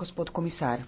gospod komisar.